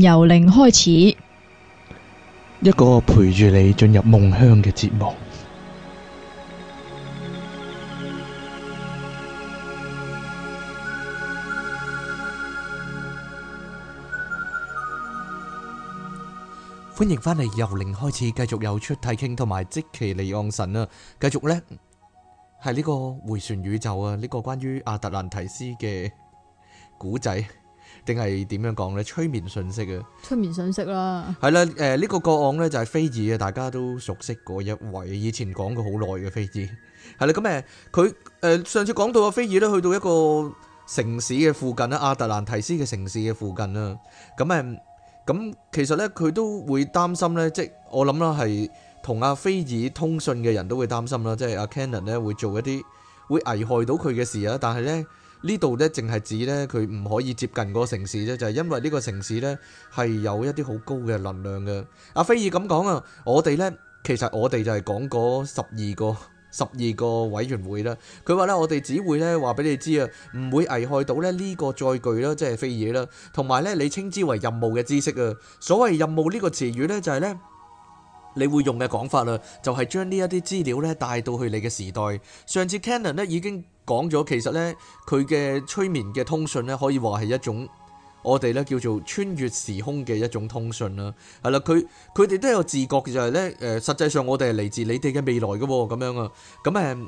由零開始，一個陪住你進入夢鄉嘅節目。歡迎返嚟，由零開始，繼續有出體傾同埋即其離岸神啊！繼續呢係呢個回旋宇宙啊，呢個關於阿特蘭提斯嘅古仔。定係點樣講呢？催眠信息啊，催眠信息啦，係啦。誒、呃，呢、這個個案呢，就係菲爾啊，大家都熟悉嗰一位。以前講過好耐嘅菲爾，係 啦。咁、嗯、誒，佢誒、呃、上次講到阿菲爾呢，去到一個城市嘅附近啦，阿特蘭提斯嘅城市嘅附近啦。咁、嗯、誒，咁、嗯、其實呢，佢都會擔心呢，即我諗啦，係同阿菲爾通訊嘅人都會擔心啦，即係阿 Cannon 呢，會做一啲會危害到佢嘅事啊。但係呢。呢度咧，淨係指咧佢唔可以接近個城市啫，就係因為呢個城市咧係有一啲好高嘅能量嘅。阿菲爾咁講啊，我哋咧其實我哋就係講嗰十二個十二個委員會啦。佢話咧，我哋只會咧話俾你知啊，唔會危害到咧呢個載具啦，即係菲爾啦。同埋咧，你稱之為任務嘅知識啊，所謂任務呢個詞語咧，就係咧你會用嘅講法啦，就係將呢一啲資料咧帶到去你嘅時代。上次 Canon 咧已經講咗其實呢，佢嘅催眠嘅通訊呢，可以話係一種我哋呢叫做穿越時空嘅一種通訊啦。係啦，佢佢哋都有自覺嘅就係、是、呢，誒、呃，實際上我哋係嚟自你哋嘅未來嘅咁、哦、樣啊，咁、嗯、誒。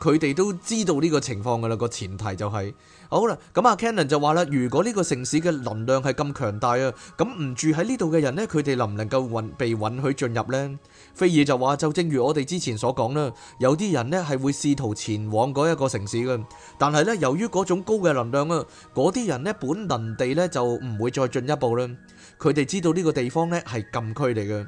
佢哋都知道呢個情況㗎啦，個前提就係好啦。咁啊，阿 Cannon 就話啦，如果呢個城市嘅能量係咁強大啊，咁唔住喺呢度嘅人呢，佢哋能唔能夠允被允許進入呢？菲爾就話，就正如我哋之前所講啦，有啲人呢係會試圖前往嗰一個城市嘅，但係呢，由於嗰種高嘅能量啊，嗰啲人呢本能地呢就唔會再進一步啦。佢哋知道呢個地方呢係禁區嚟嘅。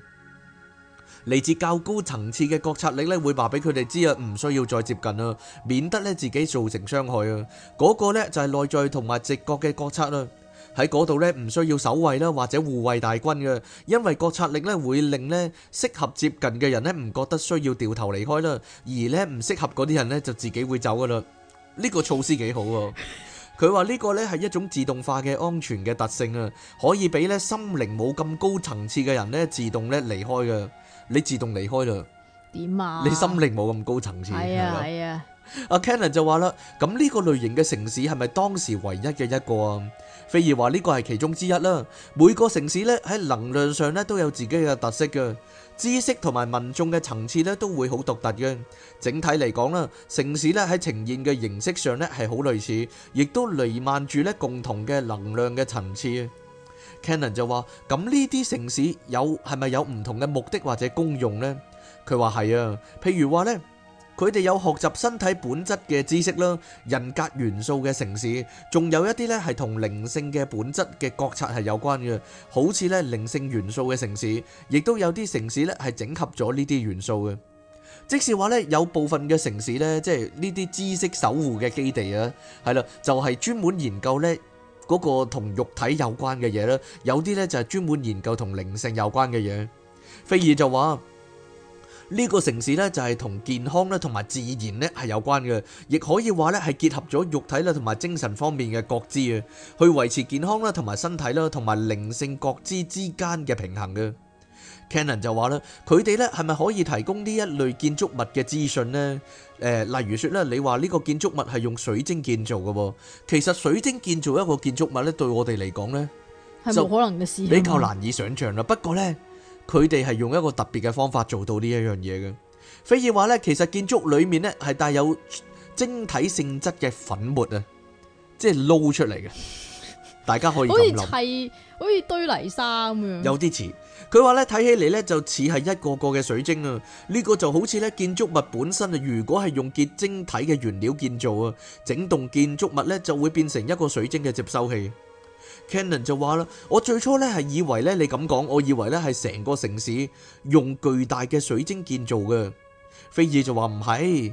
嚟自較高層次嘅覺察力咧，會話俾佢哋知啊，唔需要再接近啦，免得咧自己造成傷害啊。嗰、嗰個咧就係內在同埋直覺嘅覺察啊。喺嗰度咧，唔需要守衛啦，或者護衛大軍嘅，因為覺察力咧會令咧適合接近嘅人咧唔覺得需要掉頭離開啦，而咧唔適合嗰啲人咧就自己會走噶啦。呢、呢個措施幾好喎？佢話呢個咧係一種自動化嘅安全嘅特性啊，可以俾咧心靈冇咁高層次嘅人咧自動咧離開嘅。你自動離開啦？點啊？你心靈冇咁高層次。係啊係啊。阿 Cannon 就話啦：咁呢個類型嘅城市係咪當時唯一嘅一個啊？菲兒話呢個係其中之一啦。每個城市咧喺能量上咧都有自己嘅特色嘅，知識同埋民眾嘅層次咧都會好獨特嘅。整體嚟講啦，城市咧喺呈現嘅形式上咧係好類似，亦都瀰漫住咧共同嘅能量嘅層次。Canon 就話：咁呢啲城市有係咪有唔同嘅目的或者功用呢？佢話係啊，譬如話呢，佢哋有學習身體本質嘅知識啦，人格元素嘅城市，仲有一啲呢係同靈性嘅本質嘅覺察係有關嘅，好似咧靈性元素嘅城市，亦都有啲城市呢係整合咗呢啲元素嘅。即是話呢，有部分嘅城市呢，即係呢啲知識守護嘅基地啊，係啦，就係、是、專門研究呢。嗰個同肉體有關嘅嘢啦，有啲咧就係專門研究同靈性有關嘅嘢。菲爾就話呢個城市咧就係同健康咧同埋自然咧係有關嘅，亦可以話咧係結合咗肉體啦同埋精神方面嘅覺知啊，去維持健康啦同埋身體啦同埋靈性覺知之間嘅平衡嘅。Canon 就話啦，佢哋咧係咪可以提供呢一類建築物嘅資訊呢？誒、呃，例如說咧，你話呢個建築物係用水晶建造嘅喎，其實水晶建造一個建築物咧，對我哋嚟講咧，冇可能嘅事，就比較難以想象啦。嗯、不過咧，佢哋係用一個特別嘅方法做到呢一樣嘢嘅。非爾話咧，其實建築裡面咧係帶有晶體性質嘅粉末啊，即係撈出嚟嘅， 大家可以咁諗。好似堆泥沙咁樣，有啲似。佢話咧，睇起嚟咧就似係一個個嘅水晶啊！呢個就好似咧建築物本身啊，如果係用結晶體嘅原料建造啊，整棟建築物咧就會變成一個水晶嘅接收器。Cannon 就話啦，我最初咧係以為咧你咁講，我以為咧係成個城市用巨大嘅水晶建造嘅。菲爾就話唔係，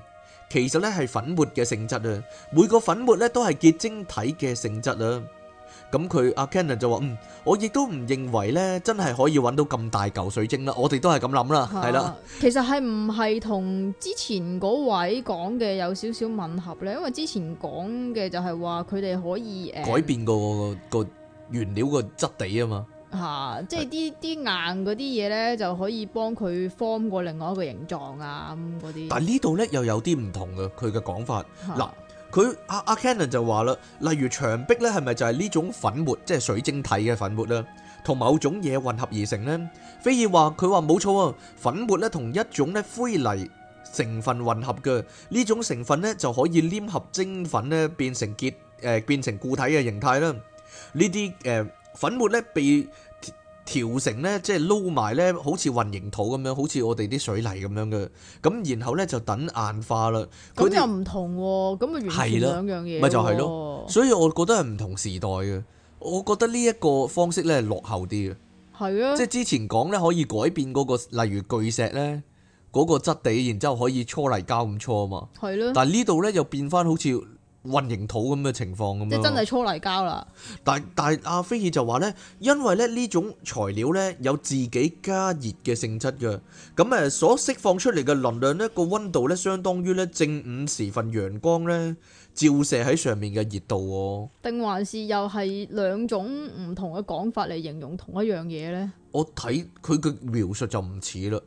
其實咧係粉末嘅性質啊，每個粉末咧都係結晶體嘅性質啊。咁佢阿 Kenan 就話，嗯，我亦都唔認為咧，真係可以揾到咁大嚿水晶啦，我哋都係咁諗啦，係啦。其實係唔係同之前嗰位講嘅有少少吻合咧？因為之前講嘅就係話佢哋可以誒改變個個原料個質地啊嘛，吓，即係啲啲硬嗰啲嘢咧就可以幫佢 form 過另外一個形狀啊咁嗰啲。但係呢度咧又有啲唔同嘅，佢嘅講法嗱。佢阿阿、啊、Cannon 就話啦，例如牆壁咧，係咪就係呢種粉末，即係水晶體嘅粉末啦，同某種嘢混合而成呢？菲爾話，佢話冇錯啊，粉末咧同一種咧灰泥成分混合嘅呢種成分咧，就可以黏合精粉咧，變成結誒、呃、變成固體嘅形態啦。呢啲誒粉末咧被調成咧，即係撈埋咧，好似混凝土咁樣，好似我哋啲水泥咁樣嘅。咁然後咧就等硬化啦。咁又唔同喎、哦，咁啊些的完全兩樣嘢。咪就係咯，所以我覺得係唔同時代嘅。我覺得呢一個方式咧係落後啲嘅。係啊的，即係之前講咧可以改變嗰、那個，例如巨石咧嗰個質地，然之後可以搓泥膠咁搓啊嘛。係咯的。但係呢度咧又變翻好似。運營土咁嘅情況咁啊，即真係粗泥膠啦。但但係阿菲爾就話咧，因為咧呢種材料咧有自己加熱嘅性質㗎，咁誒所釋放出嚟嘅能量呢個溫度咧相當於咧正午時份陽光咧照射喺上面嘅熱度喎。定還是又係兩種唔同嘅講法嚟形容同一樣嘢咧？我睇佢嘅描述就唔似啦。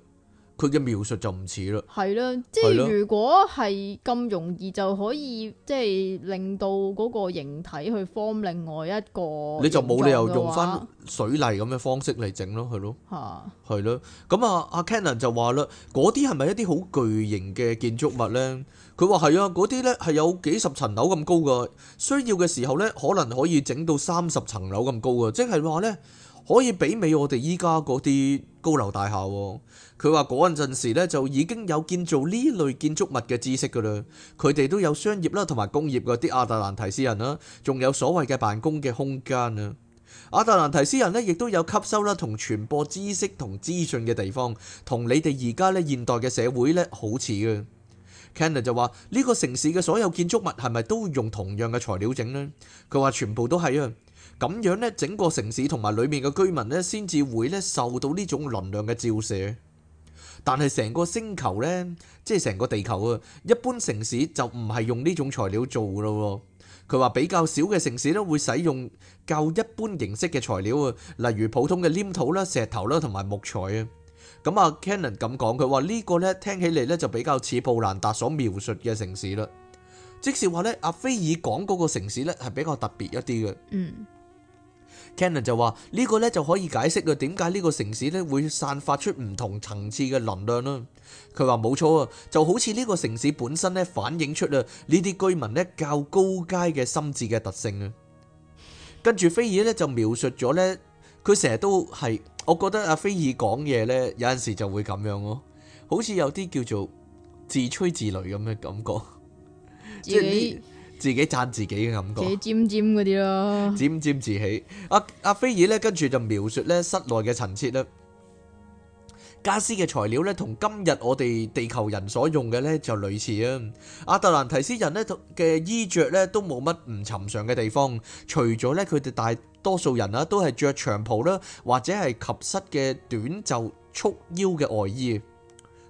佢嘅描述就唔似啦，係啦，即係如果係咁容易就可以，即係令到嗰個形體去 form 另外一個，你就冇理由用翻水泥咁嘅方式嚟整咯，係咯，嚇，係咯，咁、嗯、啊，阿 Cannon 就話啦，嗰啲係咪一啲好巨型嘅建築物咧？佢話係啊，嗰啲咧係有幾十層樓咁高噶，需要嘅時候咧，可能可以整到三十層樓咁高噶，即係話咧。可以媲美我哋依家嗰啲高樓大廈喎。佢話嗰陣時咧就已經有建造呢類建築物嘅知識噶啦。佢哋都有商業啦，同埋工業，嗰啲亞特蘭提斯人啦，仲有所謂嘅辦公嘅空間啊。亞特蘭提斯人呢，亦都有吸收啦、同傳播知識同資訊嘅地方，同你哋而家呢現代嘅社會呢，好似啊。Cannon 就話呢個城市嘅所有建築物係咪都用同樣嘅材料整呢？佢話全部都係啊。咁樣呢，整個城市同埋裏面嘅居民呢，先至會呢受到呢種能量嘅照射。但係成個星球呢，即係成個地球啊，一般城市就唔係用呢種材料做咯。佢話比較少嘅城市呢，會使用較一般形式嘅材料啊，例如普通嘅黏土啦、石頭啦同埋木材啊。咁啊，Cannon 咁講，佢話呢個呢，聽起嚟呢，就比較似布蘭達所描述嘅城市啦。即是話呢，阿菲爾講嗰個城市呢，係比較特別一啲嘅。嗯。Cannon 就話呢，呢個呢就可以解釋佢點解呢個城市呢會散發出唔同層次嘅能量啦。佢話冇錯啊，就好似呢個城市本身呢反映出啊呢啲居民呢較高階嘅心智嘅特性啊。跟住菲爾呢就描述咗呢，佢成日都係，我覺得阿菲爾講嘢呢有陣時就會咁樣咯，好似有啲叫做自吹自擂咁嘅感覺。自己讚自己嘅感覺，沾沾嗰啲咯，沾沾自喜。阿阿菲爾咧，跟住就描述咧室內嘅陳設啦，傢俬嘅材料咧，同今日我哋地球人所用嘅咧就類似啊。阿特蘭提斯人咧嘅衣著咧都冇乜唔尋常嘅地方，除咗咧佢哋大多數人啦都係著長袍啦，或者係及膝嘅短袖束腰嘅外衣。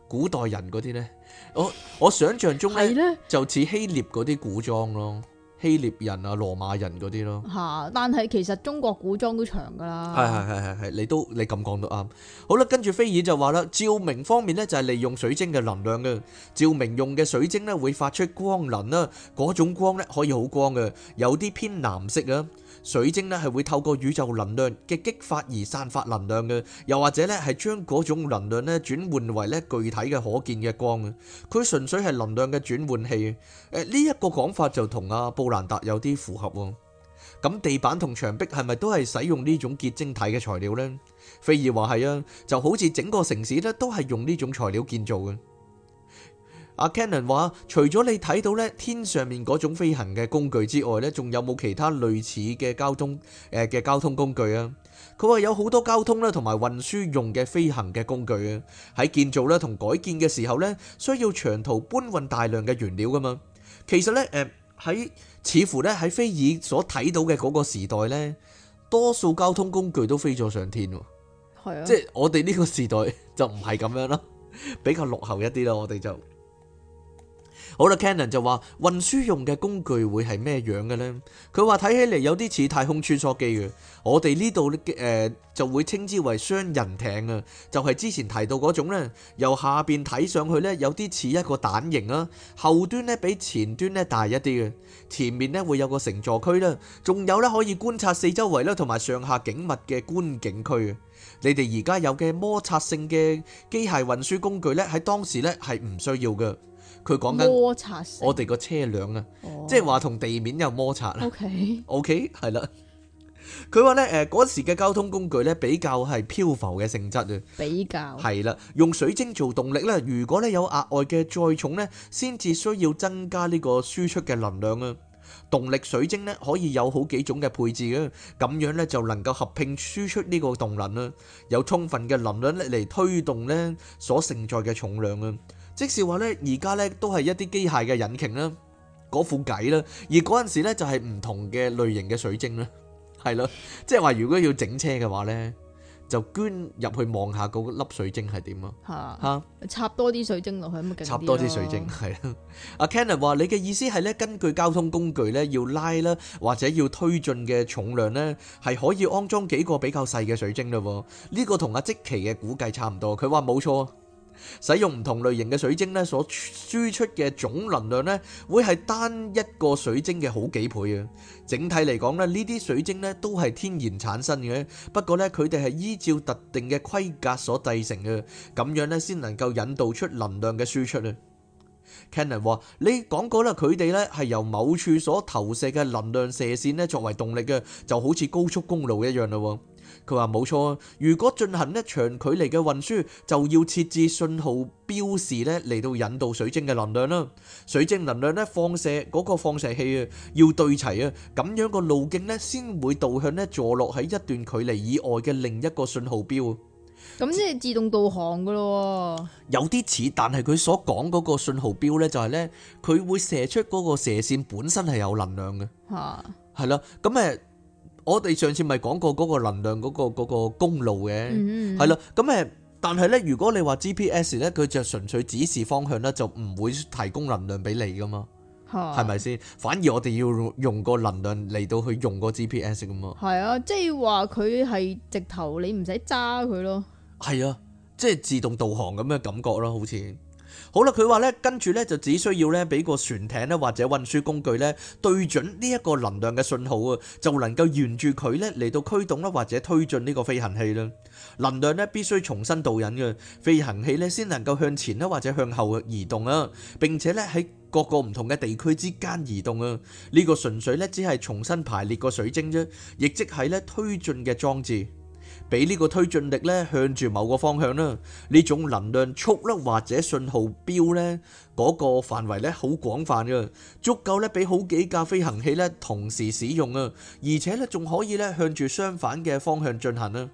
古代人嗰啲咧。我我想象中咧係咧？就似希臘嗰啲古裝咯，希臘人啊、羅馬人嗰啲咯。吓，但係其實中國古裝都長噶啦。係係係係係，你都你咁講都啱。好啦，跟住菲爾就話啦，照明方面咧就係利用水晶嘅能量嘅，照明用嘅水晶咧會發出光能啦，嗰種光咧可以好光嘅，有啲偏藍色啊。水晶咧係會透過宇宙能量嘅激發而散發能量嘅，又或者咧係將嗰種能量咧轉換為咧具體嘅可見嘅光嘅，佢純粹係能量嘅轉換器。誒呢一個講法就同阿布蘭達有啲符合喎。咁地板同牆壁係咪都係使用呢種結晶體嘅材料呢？菲爾話係啊，就好似整個城市咧都係用呢種材料建造嘅。阿 Kenan 話：除咗你睇到咧天上面嗰種飛行嘅工具之外咧，仲有冇其他類似嘅交通誒嘅、呃、交通工具啊？佢話有好多交通啦，同埋運輸用嘅飛行嘅工具啊。喺建造咧同改建嘅時候咧，需要長途搬運大量嘅原料噶嘛。其實咧誒喺似乎咧喺菲爾所睇到嘅嗰個時代咧，多數交通工具都飛咗上天喎。係啊，即係我哋呢個時代就唔係咁樣咯，比較落後一啲咯，我哋就。好啦，okay，Canon 就話運輸用嘅工具會係咩樣嘅呢？佢話睇起嚟有啲似太空穿梭機嘅。我哋呢度咧，誒、呃，就會稱之為雙人艇啊，就係、是，之前提到嗰種咧。由下邊睇上去咧，有啲似一個蛋形啊。後端咧比前端咧大一啲嘅。前面咧會有個乘坐區啦，仲有咧可以觀察四周圍啦，同埋上下景物嘅觀景區啊。你哋而家有嘅摩擦性嘅機械運輸工具咧，喺當時咧係唔需要嘅。佢講緊摩擦我哋個車輛啊，即係話同地面有摩擦啊。OK，OK 係啦。佢話咧，誒嗰時嘅交通工具咧比較係漂浮嘅性質啊。比較係啦，用水晶做動力咧，如果咧有額外嘅載重咧，先至需要增加呢個輸出嘅能量啊。動力水晶咧可以有好幾種嘅配置啊，咁樣咧就能夠合併輸出呢個動能啊，有充分嘅能量嚟推動咧所承載嘅重量啊。即是話咧，而家咧都係一啲機械嘅引擎啦，嗰副計啦，而嗰陣時咧就係唔同嘅類型嘅水晶啦，係咯，即係話如果要整車嘅話咧，就捐入去望下嗰粒水晶係點啊，嚇，插多啲水晶落去咁啊，插多啲水晶係啦。阿 Kenan 話：你嘅意思係咧，根據交通工具咧要拉啦或者要推進嘅重量咧，係可以安裝幾個比較細嘅水晶咯喎。呢個同阿積奇嘅估計差唔多，佢話冇錯。使用唔同類型嘅水晶咧，所輸出嘅總能量咧，會係單一個水晶嘅好幾倍啊！整體嚟講咧，呢啲水晶咧都係天然產生嘅，不過咧佢哋係依照特定嘅規格所製成嘅，咁樣咧先能夠引導出能量嘅輸出啊！Cannon 話：你講過啦，佢哋咧係由某處所投射嘅能量射線咧作為動力嘅，就好似高速公路一樣咯。佢話冇錯，如果進行長距離嘅運輸，就要設置信號標示咧嚟到引導水晶嘅能量啦。水晶能量咧放射嗰個放射器啊，要對齊啊，咁樣個路徑咧先會導向咧坐落喺一段距離以外嘅另一個信號標。咁即係自動導航噶咯？有啲似，但係佢所講嗰個信號標咧就係咧，佢會射出嗰個射線本身係有能量嘅。吓，係啦，咁誒。我哋上次咪講過嗰個能量嗰個嗰個公路嘅。係啦，咁誒，嗯嗯，但係咧，如果你話 GPS 咧，佢就純粹指示方向咧，就唔會提供能量俾你噶嘛，係咪先？反而我哋要用用個能量嚟到去用個 GPS 噶嘛。係啊，即係話佢係直頭你唔使揸佢咯，係啊，即係自動導航咁嘅感覺咯，好似。好啦，佢話咧，跟住咧就只需要咧俾個船艇咧或者運輸工具咧對準呢一個能量嘅信號啊，就能夠沿住佢咧嚟到驅動啦，或者推進呢個飛行器啦。能量咧必須重新導引㗎，飛行器咧先能夠向前啦，或者向後移動啊，並且咧喺各個唔同嘅地區之間移動啊。呢個純粹咧只係重新排列個水晶啫，亦即係咧推進嘅裝置。俾呢個推進力咧，向住某個方向啦。呢種能量速率或者信號標呢，嗰個範圍咧，好廣泛嘅，足夠咧俾好幾架飛行器咧同時使用啊。而且咧，仲可以咧向住相反嘅方向進行啊。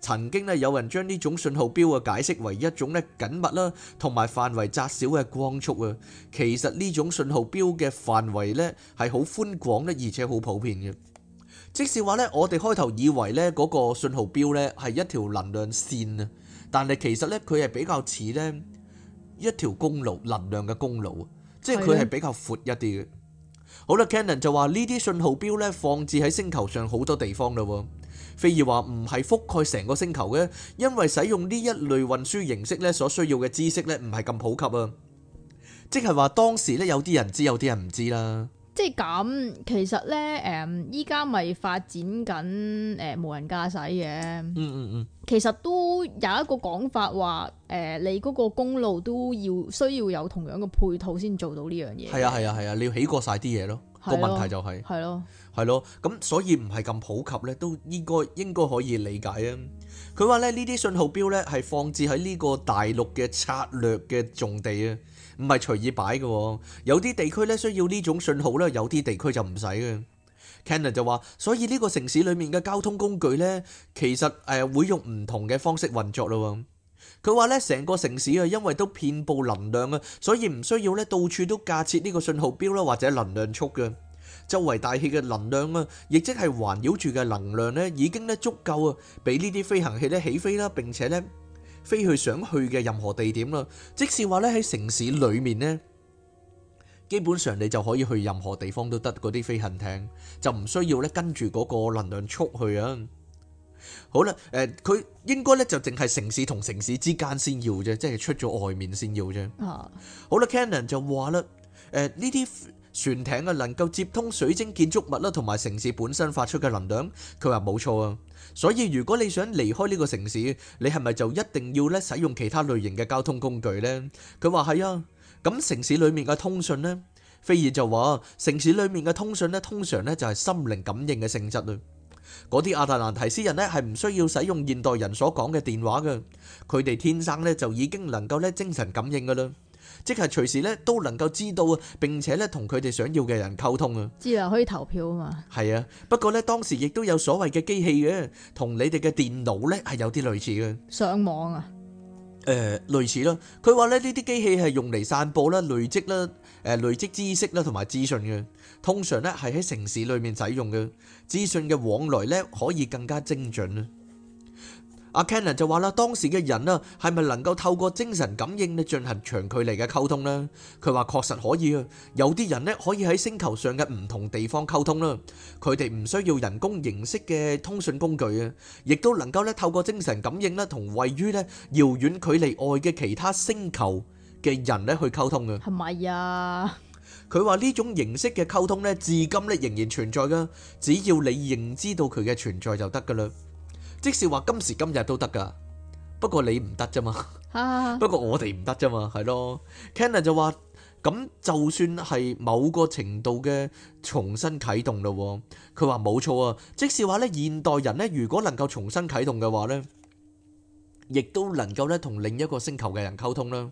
曾經呢，有人將呢種信號標啊解釋為一種咧緊密啦，同埋範圍窄小嘅光速啊。其實呢種信號標嘅範圍咧係好寬廣咧，而且好普遍嘅。即是話呢，我哋開頭以為呢嗰個信號標呢係一條能量線啊，但係其實呢，佢係比較似呢一條公路，能量嘅公路，即係佢係比較闊一啲嘅。的好啦，Canon 就話呢啲信號標呢，放置喺星球上好多地方啦。費爾話唔係覆蓋成個星球嘅，因為使用呢一類運輸形式呢，所需要嘅知識呢唔係咁普及啊。即係話當時呢，有啲人知，有啲人唔知啦。即係咁，其實呢，誒依家咪發展緊誒、呃、無人駕駛嘅、嗯，嗯嗯嗯，其實都有一個講法話，誒、呃、你嗰個公路都要需要有同樣嘅配套先做到呢樣嘢。係啊係啊係啊，你要起過晒啲嘢咯，啊、個問題就係係咯係咯，咁、啊啊啊、所以唔係咁普及呢，都應該應該可以理解啊。佢話咧，呢啲信號標呢，係放置喺呢個大陸嘅策略嘅重地啊。唔係隨意擺嘅，有啲地區咧需要呢種信號咧，有啲地區就唔使嘅。Kenneth 就話，所以呢個城市裏面嘅交通工具咧，其實誒會用唔同嘅方式運作咯。佢話咧，成個城市啊，因為都遍布能量啊，所以唔需要咧到處都架設呢個信號標啦，或者能量束嘅。周圍大氣嘅能量啊，亦即係環繞住嘅能量咧，已經咧足夠啊，俾呢啲飛行器咧起飛啦，並且咧，飛去想去嘅任何地點啦，即使話咧喺城市裏面咧，基本上你就可以去任何地方都得。嗰啲飛行艇就唔需要咧跟住嗰個能量束去啊。好啦，誒佢應該咧就淨係城市同城市之間先要啫，即係出咗外面先要啫。啊，好啦，Cannon 就話啦，誒呢啲船艇啊，能夠接通水晶建築物啦，同埋城市本身發出嘅能量，佢話冇錯啊。所以如果你想離開呢個城市，你係咪就一定要咧使用其他類型嘅交通工具呢？佢話係啊。咁城市裏面嘅通訊呢，菲爾就話城市裏面嘅通訊呢，通常呢就係心靈感應嘅性質咯。嗰啲亞特蘭提斯人呢，係唔需要使用現代人所講嘅電話噶，佢哋天生呢，就已經能夠咧精神感應噶啦。即係隨時咧都能夠知道啊，並且咧同佢哋想要嘅人溝通啊。自由可以投票啊嘛。係啊，不過咧當時亦都有所謂嘅機器嘅，同你哋嘅電腦咧係有啲類似嘅。上網啊？誒、呃，類似啦。佢話咧呢啲機器係用嚟散布啦、累積啦、誒累積知識啦同埋資訊嘅。通常咧係喺城市裏面使用嘅，資訊嘅往來咧可以更加精準啊。阿 Kenan 就話啦，當時嘅人啊，係咪能夠透過精神感應咧進行長距離嘅溝通呢？佢話確實可以啊，有啲人咧可以喺星球上嘅唔同地方溝通啦，佢哋唔需要人工形式嘅通訊工具啊，亦都能夠咧透過精神感應咧同位於咧遙遠距離外嘅其他星球嘅人咧去溝通啊。係咪啊？佢話呢種形式嘅溝通咧，至今咧仍然存在噶，只要你認知到佢嘅存在就得㗎啦。即使話今時今日都得噶，不過你唔得啫嘛，不過我哋唔得啫嘛，係咯。Cannon 就話：咁就算係某個程度嘅重新啟動咯。佢話冇錯啊，即使話呢現代人呢，如果能夠重新啟動嘅話呢，亦都能夠呢同另一個星球嘅人溝通啦。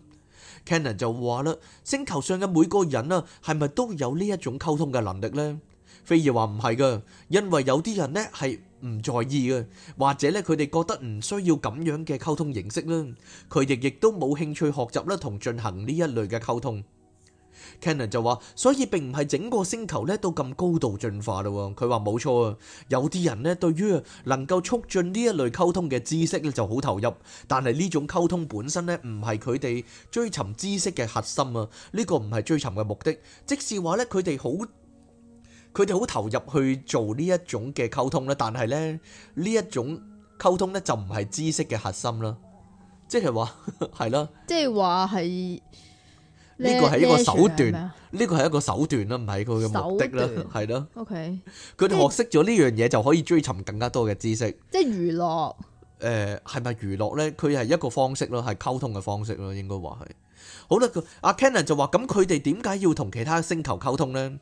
Cannon 就話啦：星球上嘅每個人啊，係咪都有呢一種溝通嘅能力呢？飛兒話唔係噶，因為有啲人呢係。唔在意啊，或者咧佢哋覺得唔需要咁樣嘅溝通形式咧，佢亦亦都冇興趣學習咧同進行呢一類嘅溝通。Cannon 就話，所以並唔係整個星球咧都咁高度進化啦。佢話冇錯啊，有啲人咧對於能夠促進呢一類溝通嘅知識咧就好投入，但係呢種溝通本身咧唔係佢哋追尋知識嘅核心啊，呢個唔係追尋嘅目的，即是話咧佢哋好。佢哋好投入去做呢一種嘅溝通啦，但係咧呢一種溝通咧就唔係知識嘅核心啦，即係話係咯，即係話係呢個係一個手段，呢個係一個手段啦，唔係佢嘅目的啦，係咯。OK，佢哋學識咗呢樣嘢就可以追尋更加多嘅知識，即係娛樂。誒係咪娛樂咧？佢係一個方式咯，係溝通嘅方式咯，應該話係。好啦，阿 Kenan 就話：咁佢哋點解要同其他星球溝通咧？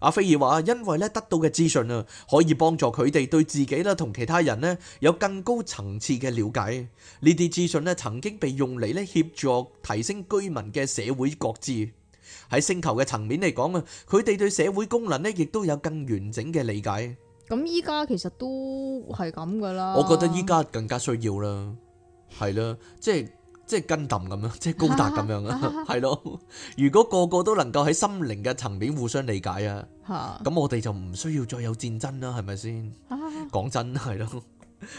阿菲爾話，因為咧得到嘅資訊啊，可以幫助佢哋對自己啦同其他人咧有更高層次嘅了解。呢啲資訊咧曾經被用嚟咧協助提升居民嘅社會覺知。喺星球嘅層面嚟講啊，佢哋對社會功能咧亦都有更完整嘅理解。咁依家其實都係咁噶啦。我覺得依家更加需要啦，係啦，即係。即係 Gundam 咁樣，即係高達咁樣啊，係咯。如果個個都能夠喺心靈嘅層面互相理解啊，咁我哋就唔需要再有戰爭啦，係咪先？講真係咯。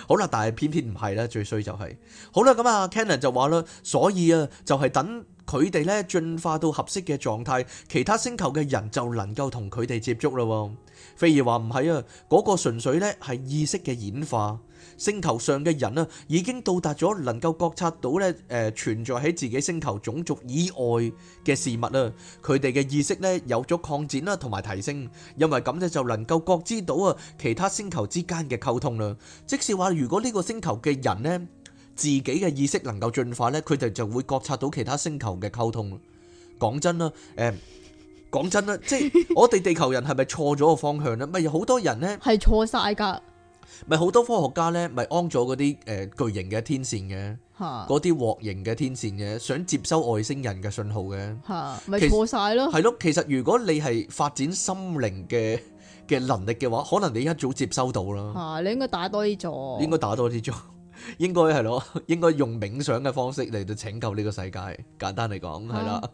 好啦，但係偏偏唔係啦，最衰就係。好啦，咁啊，Cannon 就話啦，所以啊，就係等佢哋咧進化到合適嘅狀態，其他星球嘅人就能夠同佢哋接觸啦。菲兒話唔係啊，嗰個純粹咧係意識嘅演化。星球上嘅人啊，已經到達咗能夠覺察到咧，誒、呃、存在喺自己星球種族以外嘅事物啦。佢哋嘅意識咧有咗擴展啦，同埋提升。因為咁咧就能夠覺知到啊，其他星球之間嘅溝通啦。即係話，如果呢個星球嘅人咧，自己嘅意識能夠進化咧，佢哋就會覺察到其他星球嘅溝通。講真啦，誒，講真啦，即係我哋地球人係咪錯咗個方向咧？咪有好多人呢係錯晒㗎。咪好多科學家咧，咪安咗嗰啲誒巨型嘅天線嘅，嗰啲鍋形嘅天線嘅，想接收外星人嘅信號嘅，咪、啊、實錯晒咯。係咯，其實如果你係發展心靈嘅嘅能力嘅話，可能你一早接收到啦。嚇、啊，你應該多打應該打多啲咗，應該打多啲咗，應該係咯，應該用冥想嘅方式嚟到拯救呢個世界。簡單嚟講，係啦、啊。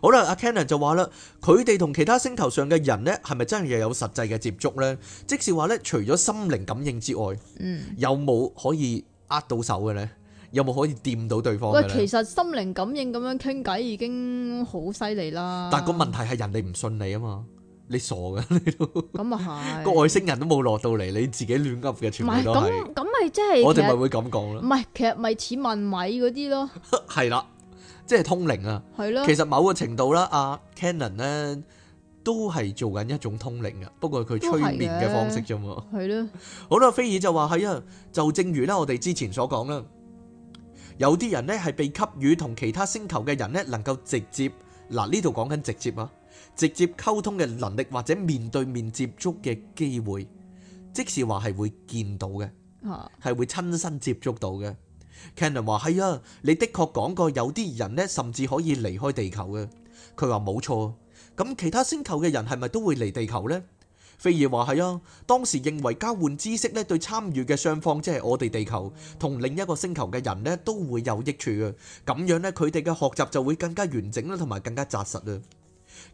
好啦，阿 Kennen 就話啦，佢哋同其他星球上嘅人咧，係咪真係又有實際嘅接觸咧？即是話咧，除咗心靈感應之外，嗯、有冇可以握到手嘅咧？有冇可以掂到對方？喂，其實心靈感應咁樣傾偈已經好犀利啦。但個問題係人哋唔信你啊嘛，你傻噶？你都、咁啊係。個 外星人都冇落到嚟，你自己亂噏嘅全部都係。咁咁係即係我哋咪、就是、實會咁講啦。唔係，其實咪似問米嗰啲咯。係啦。 即係通靈啊，係咯，其實某個程度啦，阿 Canon 咧都係做緊一種通靈啊，不過佢催眠嘅方式啫嘛，係咯。好啦，菲爾就話係啊，就正如咧我哋之前所講啦，有啲人呢係被給予同其他星球嘅人呢能夠直接嗱呢度講緊直接啊，直接溝通嘅能力或者面對面接觸嘅機會，即是話係會見到嘅，係、啊、會親身接觸到嘅。Cannon 話係啊，你的確講過有啲人呢，甚至可以離開地球嘅。佢話冇錯，咁其他星球嘅人係咪都會嚟地球呢？菲爾話係啊，當時認為交換知識呢，對參與嘅雙方，即係我哋地球同另一個星球嘅人呢，都會有益處嘅。咁樣呢，佢哋嘅學習就會更加完整啦，同埋更加扎實啊。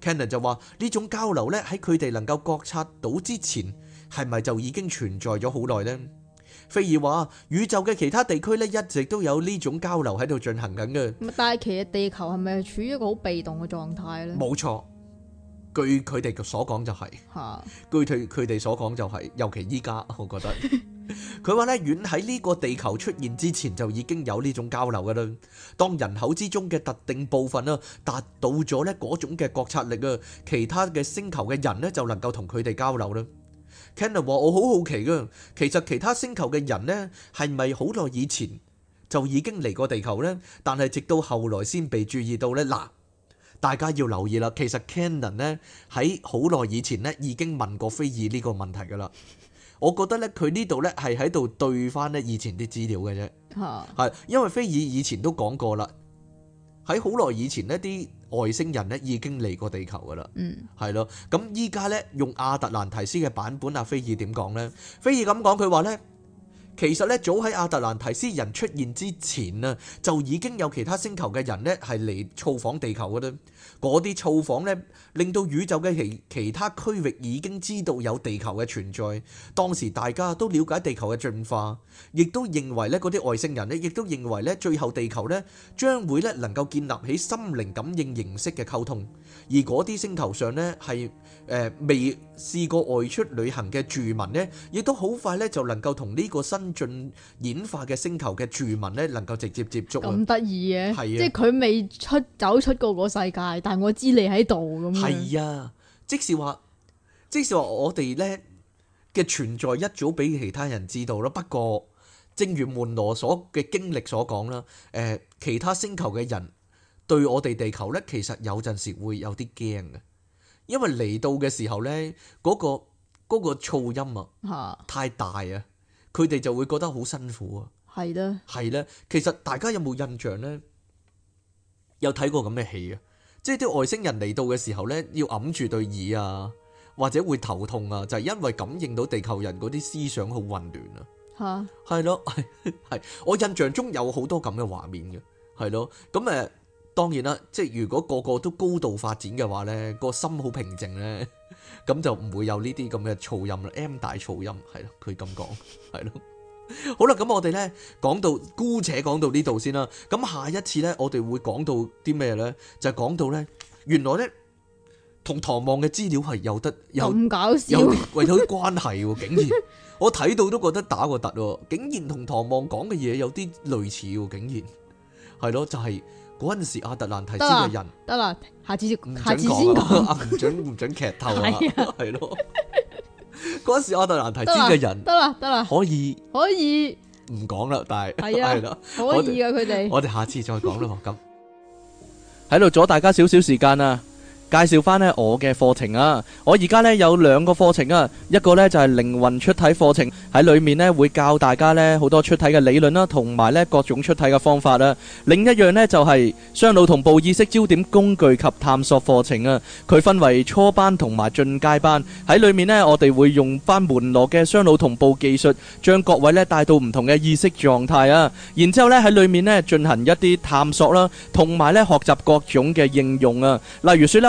Cannon 就話呢種交流呢，喺佢哋能夠覺察到之前，係咪就已經存在咗好耐呢？菲爾話：宇宙嘅其他地區咧，一直都有呢種交流喺度進行緊嘅。但係其實地球係咪處於一個好被動嘅狀態呢？冇錯，據佢哋所講就係吓，據佢哋所講就係、是，尤其依家，我覺得佢話咧，遠喺呢個地球出現之前就已經有呢種交流㗎喇。當人口之中嘅特定部分啊達到咗咧嗰種嘅覺察力啊，其他嘅星球嘅人咧就能夠同佢哋交流啦。Cannon 話：Ken 我好好奇㗎，其實其他星球嘅人呢，係咪好耐以前就已經嚟過地球呢？但係直到後來先被注意到呢？嗱，大家要留意啦，其實 Cannon 咧喺好耐以前呢，已經問過菲爾呢個問題㗎啦。我覺得呢，佢呢度呢，係喺度對返咧以前啲資料嘅啫，係因為菲爾以前都講過啦。喺好耐以前咧，啲外星人咧已經嚟過地球噶啦，嗯，係咯。咁依家呢，用阿特蘭堤斯嘅版本，阿菲爾點講呢？菲爾咁講，佢話呢。其實咧，早喺阿特蘭堤斯人出現之前啊，就已經有其他星球嘅人咧，係嚟造訪地球嘅啦。嗰啲造訪咧，令到宇宙嘅其其他區域已經知道有地球嘅存在。當時大家都瞭解地球嘅進化，亦都認為咧，嗰啲外星人咧，亦都認為咧，最後地球咧，將會咧能夠建立起心靈感應形式嘅溝通。而嗰啲星球上咧，係誒未試過外出旅行嘅住民咧，亦都好快咧，就能夠同呢個新進演化嘅星球嘅住民呢，能夠直接接觸啊！咁得意嘅，即係佢未出走出過個世界，但係我知你喺度咁。係啊，即係話，即係話，我哋呢嘅存在一早俾其他人知道啦。不過，正如門羅所嘅經歷所講啦，誒、呃，其他星球嘅人對我哋地球呢，其實有陣時會有啲驚嘅，因為嚟到嘅時候呢，嗰、嗰個、嗰個噪音啊，太大啊！佢哋就會覺得好辛苦啊！係咧，係咧。其實大家有冇印象呢？有睇過咁嘅戲啊？即係啲外星人嚟到嘅時候呢，要揞住對耳啊，或者會頭痛啊，就係因為感應到地球人嗰啲思想好混亂啊！吓？係咯，係，我印象中有好多咁嘅畫面嘅，係咯。咁誒，當然啦，即係如果個個都高度發展嘅話呢，個心好平靜呢。咁就唔會有呢啲咁嘅噪音啦，M 大噪音係咯，佢咁講係咯。好啦，咁我哋咧講到姑且講到呢度先啦。咁下一次咧，我哋會講到啲咩咧？就係講到咧，原來咧同唐望嘅資料係有得有，咁搞笑，有為咗啲關係喎，竟然我睇到都覺得打過突喎，竟然同唐望講嘅嘢有啲類似喎，竟然係咯，就係。嗰陣時阿特蘭提斯嘅人，得啦，下次就下次先講，唔准唔准劇透啊，係咯。嗰陣時阿特蘭提斯嘅人，得啦，得啦，可以可以唔講啦，但係係咯，可以啊，佢哋，我哋下次再講啦，咁喺度阻大家少少時間啊。介紹翻咧我嘅課程啊，我而家咧有兩個課程啊，一個咧就係靈魂出體課程，喺裏面咧會教大家咧好多出體嘅理論啦，同埋咧各種出體嘅方法啦，另一樣咧就係雙腦同步意識焦點工具及探索課程啊，佢分為初班同埋進階班，喺裏面咧我哋會用翻門羅嘅雙腦同步技術，將各位咧帶到唔同嘅意識狀態啊，然之後咧喺裏面咧進行一啲探索啦，同埋咧學習各種嘅應用啊，例如說咧。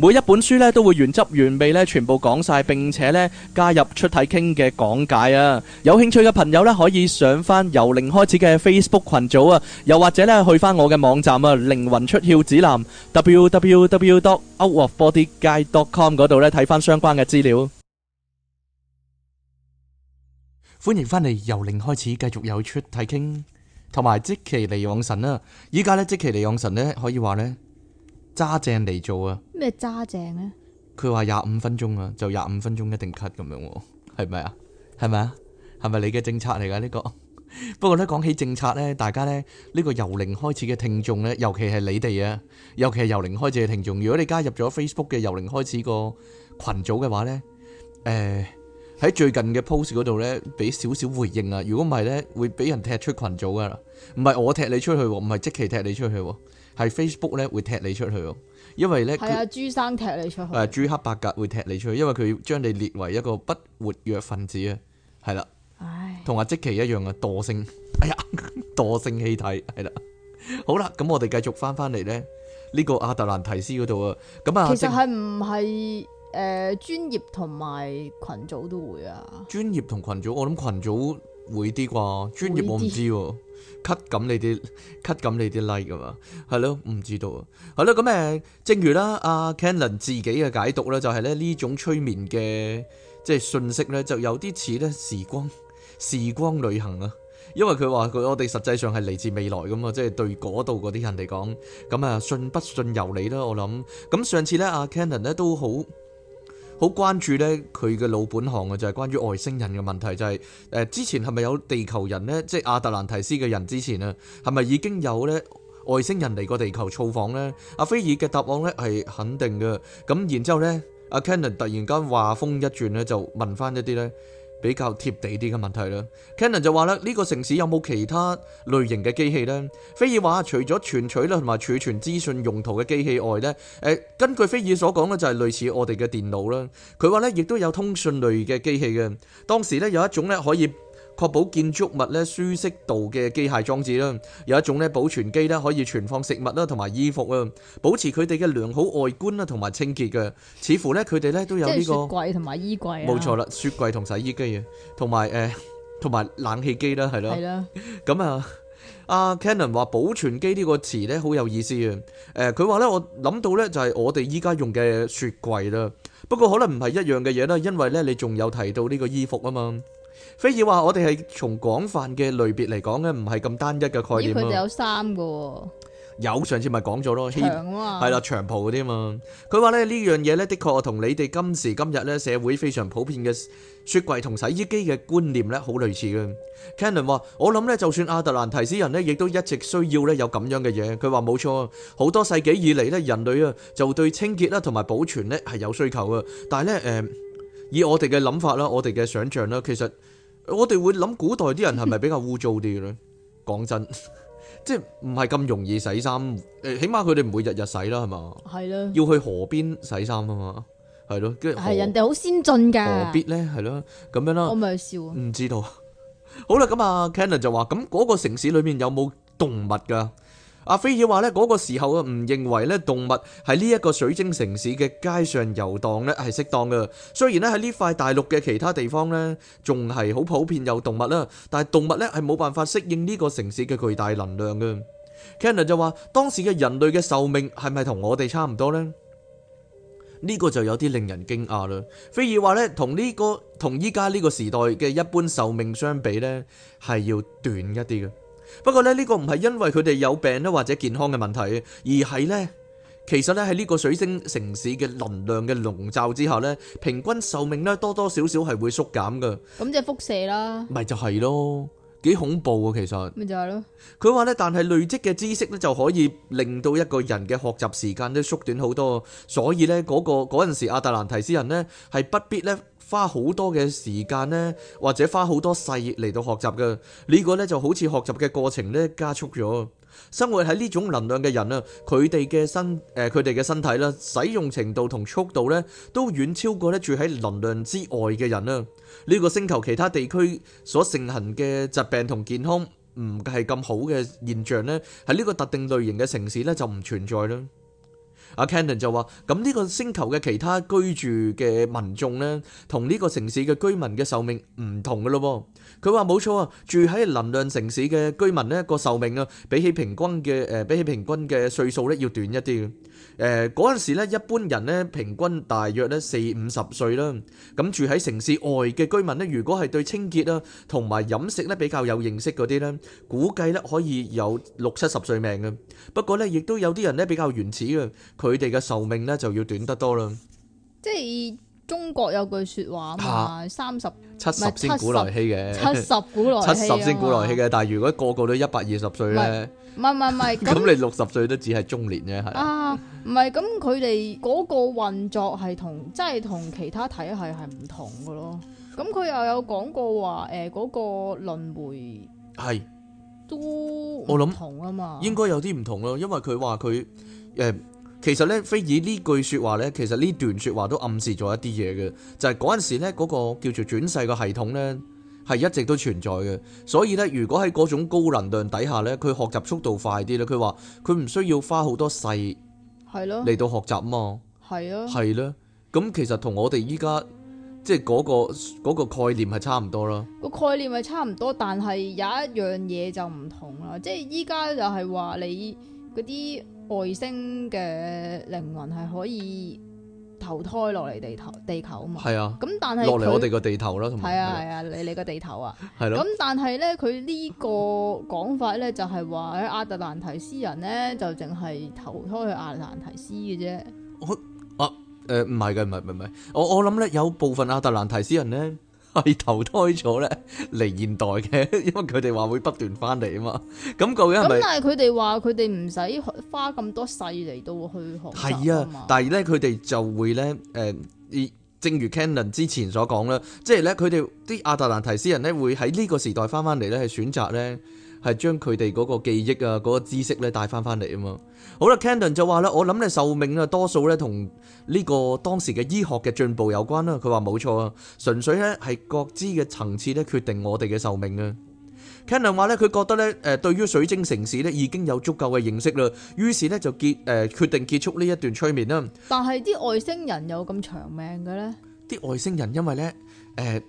每一本書咧都會原汁原味咧全部講晒，並且咧加入出體傾嘅講解啊！有興趣嘅朋友咧可以上翻由零開始嘅 Facebook 群組啊，又或者咧去翻我嘅網站啊靈魂出竅指南 www.outofbodyguide.com 嗰度咧睇翻相關嘅資料。歡迎翻嚟由零開始繼續有出體傾，同埋即其嚟養神啊！依家咧即其嚟養神咧可以話咧。揸正嚟做啊！咩揸正啊？佢話廿五分鐘啊，就廿五分鐘一定咳 u t 咁樣喎，係咪啊？係咪啊？係咪你嘅政策嚟噶呢個？ 不過咧講起政策咧，大家咧呢、這個由零開始嘅聽眾咧，尤其係你哋啊，尤其係由零開始嘅聽眾，如果你加入咗 Facebook 嘅由零開始個群組嘅話咧，誒、呃、喺最近嘅 post 嗰度咧俾少少回應啊，如果唔係咧會俾人踢出群組噶啦，唔係我踢你出去、啊，唔係即期踢你出去、啊。係 Facebook 咧會踢你出去哦，因為咧係啊，朱生踢你出去，誒、啊，朱克伯格會踢你出去，因為佢將你列為一個不活躍分子啊，係啦，同唉阿積奇一樣啊，惰性，哎呀，惰性氣體，係啦， 好啦，咁我哋繼續翻翻嚟咧呢、這個阿特蘭堤斯嗰度啊，咁啊，其實係唔係誒專業同埋群組都會啊？專業同群組，我諗群組。會啲啩，專業我唔知喎，cut 緊你啲，cut 緊你啲 like 嘛，係咯，唔知道啊，係咯，咁誒，正如啦，阿 Cannon 自己嘅解讀咧，就係咧呢種催眠嘅，即係信息咧，就有啲似咧時光，時光旅行啊，因為佢話佢我哋實際上係嚟自未來㗎嘛，即係對嗰度嗰啲人嚟講，咁啊信不信由你啦，我諗，咁上次咧阿 Cannon 咧都好。好關注咧，佢嘅老本行啊，就係、是、關於外星人嘅問題，就係、是、誒之前係咪有地球人呢？即係阿特蘭堤斯嘅人之前啊，係咪已經有咧外星人嚟過地球造訪呢？阿菲爾嘅答案咧係肯定嘅，咁然之後呢，阿 Kenan 突然間話風一轉咧，就問翻一啲咧，比較貼地啲嘅問題啦，Canon 就話啦，呢個城市有冇其他類型嘅機器呢？菲爾話，除咗存取啦同埋儲存資訊用途嘅機器外咧，誒、呃，根據菲爾所講嘅就係類似我哋嘅電腦啦。佢話呢亦都有通訊類嘅機器嘅。當時呢有一種呢可以確保建築物咧舒適度嘅機械裝置啦，有一種咧保存機咧可以存放食物啦同埋衣服啊，保持佢哋嘅良好外觀啊同埋清潔嘅，似乎咧佢哋咧都有呢、這個櫃同埋衣櫃啊，冇錯啦，雪櫃同洗衣機、欸、的 啊，同埋誒同埋冷氣機啦，係咯，咁啊阿 c a n n e n 話保存機呢個詞咧好有意思嘅，誒佢話咧我諗到咧就係我哋依家用嘅雪櫃啦，不過可能唔係一樣嘅嘢啦，因為咧你仲有提到呢個衣服啊嘛。菲爾話：我哋係從廣泛嘅類別嚟講呢，唔係咁單一嘅概念。佢哋有三個喎。有上次咪講咗咯，係啦、啊，長袍嗰啲嘛。佢話咧呢樣嘢呢，這個、的確同你哋今時今日呢社會非常普遍嘅雪櫃同洗衣機嘅觀念呢，好類似嘅。Cannon 話：我諗呢，就算阿特蘭堤斯人呢，亦都一直需要呢有咁樣嘅嘢。佢話冇錯，好多世紀以嚟呢，人類啊就對清潔啦同埋保存呢係有需求噶。但係呢。誒、呃。以我哋嘅諗法啦，我哋嘅想像啦，其實我哋會諗古代啲人係咪比較污糟啲嘅咧？講 真，即係唔係咁容易洗衫？誒，起碼佢哋唔會日日洗啦，係嘛？係咯的。要去河邊洗衫啊嘛，係咯。係人哋好先進㗎。何必咧？係咯，咁樣咯。我咪笑。唔知道。 好啦，咁啊 Cannon 就話：咁嗰個城市裏面有冇動物㗎？阿菲爾話呢嗰個時候啊，唔認為咧動物喺呢一個水晶城市嘅街上遊蕩咧係適當嘅。雖然咧喺呢塊大陸嘅其他地方呢，仲係好普遍有動物啦，但係動物呢係冇辦法適應呢個城市嘅巨大能量嘅。Canner 就話，當時嘅人類嘅壽命係咪同我哋差唔多呢？呢、這個就有啲令人驚訝啦。菲爾話呢、這個，同呢個同依家呢個時代嘅一般壽命相比呢，係要短一啲嘅。不過呢，呢個唔係因為佢哋有病或者健康的問題，而是呢，其實呢，喺這個水星城市的能量的籠罩之下呢，平均壽命多多少少是會縮減的。噉就是輻射啦？花好多嘅時間呢，或者花好多細力嚟到學習嘅呢個呢，就好似學習嘅過程呢加速咗。生活喺呢種能量嘅人啊，佢哋嘅身誒，佢哋嘅身體啦，使用程度同速度呢都遠超過呢住喺能量之外嘅人啦。呢個星球其他地區所盛行嘅疾病同健康唔係咁好嘅現象呢，喺呢個特定類型嘅城市呢就唔存在啦。阿 Cannon 就話：咁、這、呢個星球嘅其他居住嘅民眾呢，同呢個城市嘅居民嘅壽命唔同嘅咯。佢話冇錯啊，住喺能量城市嘅居民呢個壽命啊、呃，比起平均嘅誒，比起平均嘅歲數呢要短一啲嘅。誒嗰陣時咧，一般人呢，平均大約呢四五十歲啦。咁住喺城市外嘅居民呢，如果係對清潔啊同埋飲食呢比較有認識嗰啲呢，估計呢可以有六七十歲命嘅。不過呢，亦都有啲人呢比較原始嘅。佢哋嘅壽命咧就要短得多啦，即係中國有句說話嘛，三十七十先古來稀嘅，七十古來七十先古來稀嘅。但係如果個個都一百二十歲咧，唔係唔係唔係咁， 你六十歲都只係中年啫，係啊，唔係咁，佢哋嗰個運作係同即係同其他體系係唔同嘅咯。咁佢又有講過話誒嗰個輪回係都我諗唔同啊嘛，應該有啲唔同咯，因為佢話佢誒。呃其實咧，菲爾呢句說話咧，其實呢段說話都暗示咗一啲嘢嘅，就係嗰陣時咧，嗰個叫做轉世嘅系統咧，係一直都存在嘅。所以咧，如果喺嗰種高能量底下咧，佢學習速度快啲咧，佢話佢唔需要花好多世係咯嚟到學習啊嘛。係啊，係啦。咁其實同我哋依家即係嗰個概念係差唔多啦。個概念係差唔多，但係有一樣嘢就唔同啦。即係依家就係話你。嗰啲外星嘅靈魂係可以投胎落嚟地、啊、地頭地球啊嘛，係啊，咁但係落嚟我哋個地頭啦，同埋係啊係啊，你你個地頭啊，係咯，咁但係咧，佢呢個講法咧就係話，阿特蘭提斯人咧就淨係投胎去阿特蘭提斯嘅啫。啊誒唔係嘅，唔係唔係，我我諗咧有部分阿特蘭提斯人咧。係投胎咗咧嚟現代嘅，因為佢哋話會不斷翻嚟啊嘛。咁、那個，咁但係佢哋話佢哋唔使花咁多世嚟到去學習啊嗎但係咧，佢哋就會咧，誒，正如 Cannon 之前所講啦，即係咧，佢哋啲亞特蘭提斯人咧會喺呢個時代翻翻嚟咧，係選擇咧。係將佢哋嗰個記憶啊，嗰個知識咧帶翻翻嚟啊嘛。好啦，Cannon 就話啦，我諗你壽命啊，多數咧同呢個當時嘅醫學嘅進步有關啦。佢話冇錯啊，純粹咧係覺知嘅層次咧決定我哋嘅壽命啊。Cannon 話咧，佢覺得咧誒，對於水晶城市咧已經有足夠嘅認識啦，於是咧就結誒決定結束呢一段催眠啦。但係啲外星人有咁長命嘅咧？啲外星人因為咧誒。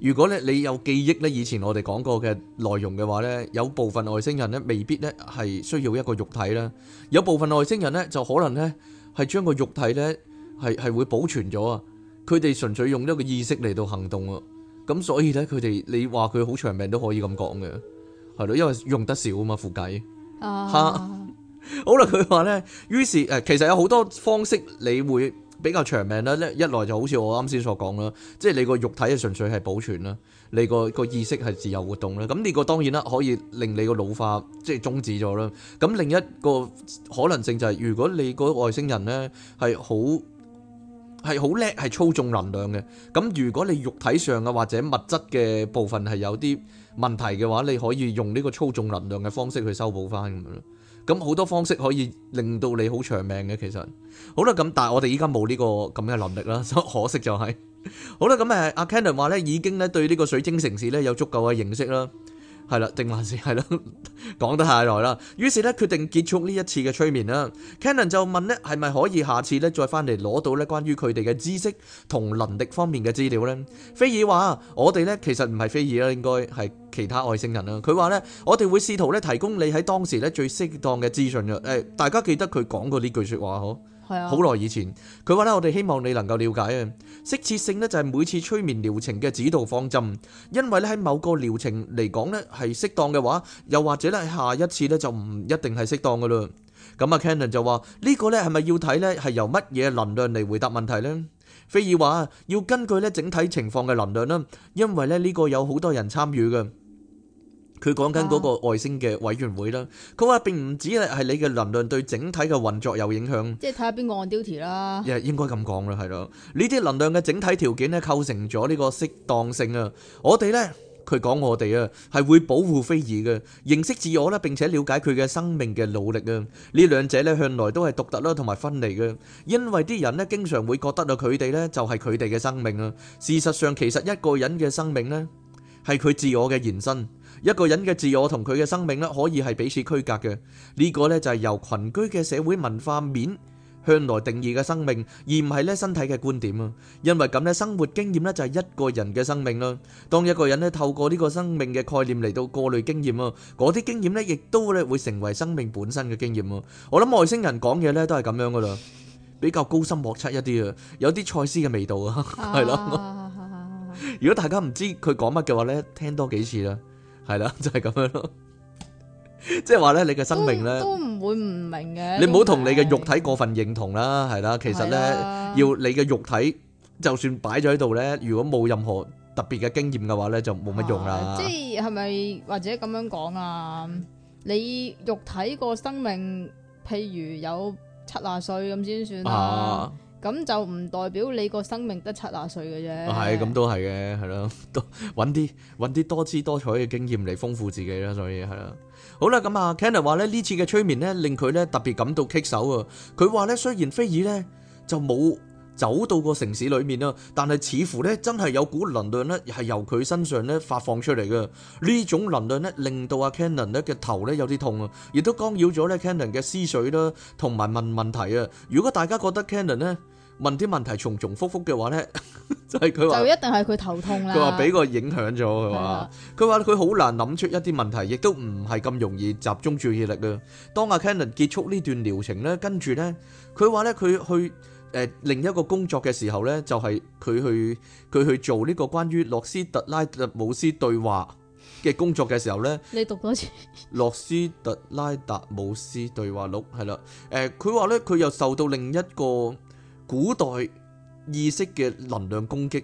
如果咧你有記憶咧，以前我哋講過嘅內容嘅話咧，有部分外星人咧未必咧係需要一個肉體啦，有部分外星人咧就可能咧係將個肉體咧係係會保存咗啊，佢哋純粹用一個意識嚟到行動啊，咁所以咧佢哋你話佢好長命都可以咁講嘅，係咯，因為用得少啊嘛，副計嚇。好啦，佢話咧，於是誒其實有好多方式你會。比較長命啦，一來就好似我啱先所講啦，即係你個肉體係純粹係保存啦，你個個意識係自由活動啦。咁呢個當然啦，可以令你個老化即係終止咗啦。咁另一個可能性就係、是，如果你個外星人呢係好係好叻，係操縱能量嘅，咁如果你肉體上嘅或者物質嘅部分係有啲問題嘅話，你可以用呢個操縱能量嘅方式去修補翻咁樣。咁好多方式可以令到你好長命嘅，其實好啦，咁但係我哋依家冇呢個咁嘅能力啦，就可惜就係、是、 好啦的，咁誒、 啊，阿 Kenan 話咧已經咧對呢個水晶城市咧有足夠嘅認識啦。係啦，定還是係咯？講得太耐啦，於是咧決定結束呢一次嘅催眠啦。Cannon 就問咧，係咪可以下次咧再翻嚟攞到咧關於佢哋嘅知識同能力方面嘅資料咧？菲爾話：我哋咧其實唔係菲爾啦，應該係其他外星人啦。佢話咧，我哋會試圖咧提供你喺當時咧最適當嘅資訊嘅。誒，大家記得佢講過呢句説話呵。好耐以前，佢話咧，我哋希望你能夠了解啊。適切性呢，就係每次催眠療程嘅指導方針，因為咧喺某個療程嚟講呢係適當嘅話，又或者咧下一次呢就唔一定係適當嘅嘞。咁啊，Cannon 就話呢個呢係咪要睇呢係由乜嘢能量嚟回答問題呢？菲爾話要根據呢整體情況嘅能量啦，因為呢，呢個有好多人參與嘅。佢講緊嗰個外星嘅委員會啦，佢話並唔止係你嘅能量對整體嘅運作有影響，即係睇下邊個 on duty 啦，亦係應該咁講啦，係咯，呢啲能量嘅整體條件咧，構成咗呢個適當性啊。我哋呢，佢講我哋啊，係會保護菲爾嘅認識自我呢，並且了解佢嘅生命嘅努力啊。呢兩者呢，向來都係獨特啦，同埋分離嘅，因為啲人呢，經常會覺得啊，佢哋呢，就係佢哋嘅生命啊。事實上，其實一個人嘅生命呢，係佢自我嘅延伸。一個人嘅自我同佢嘅生命咧，可以係彼此區隔嘅。呢個咧就係由群居嘅社會文化面向來定義嘅生命，而唔係咧身體嘅觀點啊。因為咁咧，生活經驗咧就係一個人嘅生命啦。當一個人咧透過呢個生命嘅概念嚟到過濾經驗啊，嗰啲經驗咧亦都咧會成為生命本身嘅經驗啊。我諗外星人講嘢咧都係咁樣噶啦，比較高深莫測一啲啊，有啲賽斯嘅味道啊，係咯。如果大家唔知佢講乜嘅話咧，聽多幾次啦。係啦， 就係咁樣咯，即係話咧，你嘅生命咧都唔會唔明嘅。你唔好同你嘅肉體過分認同啦，係啦，其實咧的要你嘅肉體就算擺咗喺度咧，如果冇任何特別嘅經驗嘅話咧，就冇乜用啦、啊。即係咪或者咁樣講啊？你肉體個生命譬如有七十歲咁先算啦。啊咁就唔代表你個生命得七十歲嘅啫，係咁都係嘅，係咯，多揾啲揾啲多姿多彩嘅經驗嚟豐富自己啦。所以係啦，好啦，咁啊，Kenner 話咧呢次嘅催眠咧令佢咧特別感到棘手啊。佢話咧雖然菲爾咧就冇。走到個城市裏面啊，但係似乎咧真係有股能量咧，係由佢身上咧發放出嚟嘅。呢種能量咧，令到阿 Cannon 咧嘅頭咧有啲痛啊，亦都干擾咗咧 Cannon 嘅思緒啦，同埋問問題啊。如果大家覺得 Cannon 咧問啲問題重重複複嘅話咧，就係佢話就一定係佢頭痛啦。佢話俾個影響咗，佢話佢話佢好難諗出一啲問題，亦都唔係咁容易集中注意力啊。當阿 Cannon 結束呢段療程咧，跟住咧佢話咧佢去。誒，另一個工作嘅時候咧，就係佢去佢去做呢個關於諾斯特拉達姆斯對話嘅工作嘅時候咧，你讀多次。諾斯特拉達姆斯對話錄係啦，誒，佢話咧佢又受到另一個古代意識嘅能量攻擊，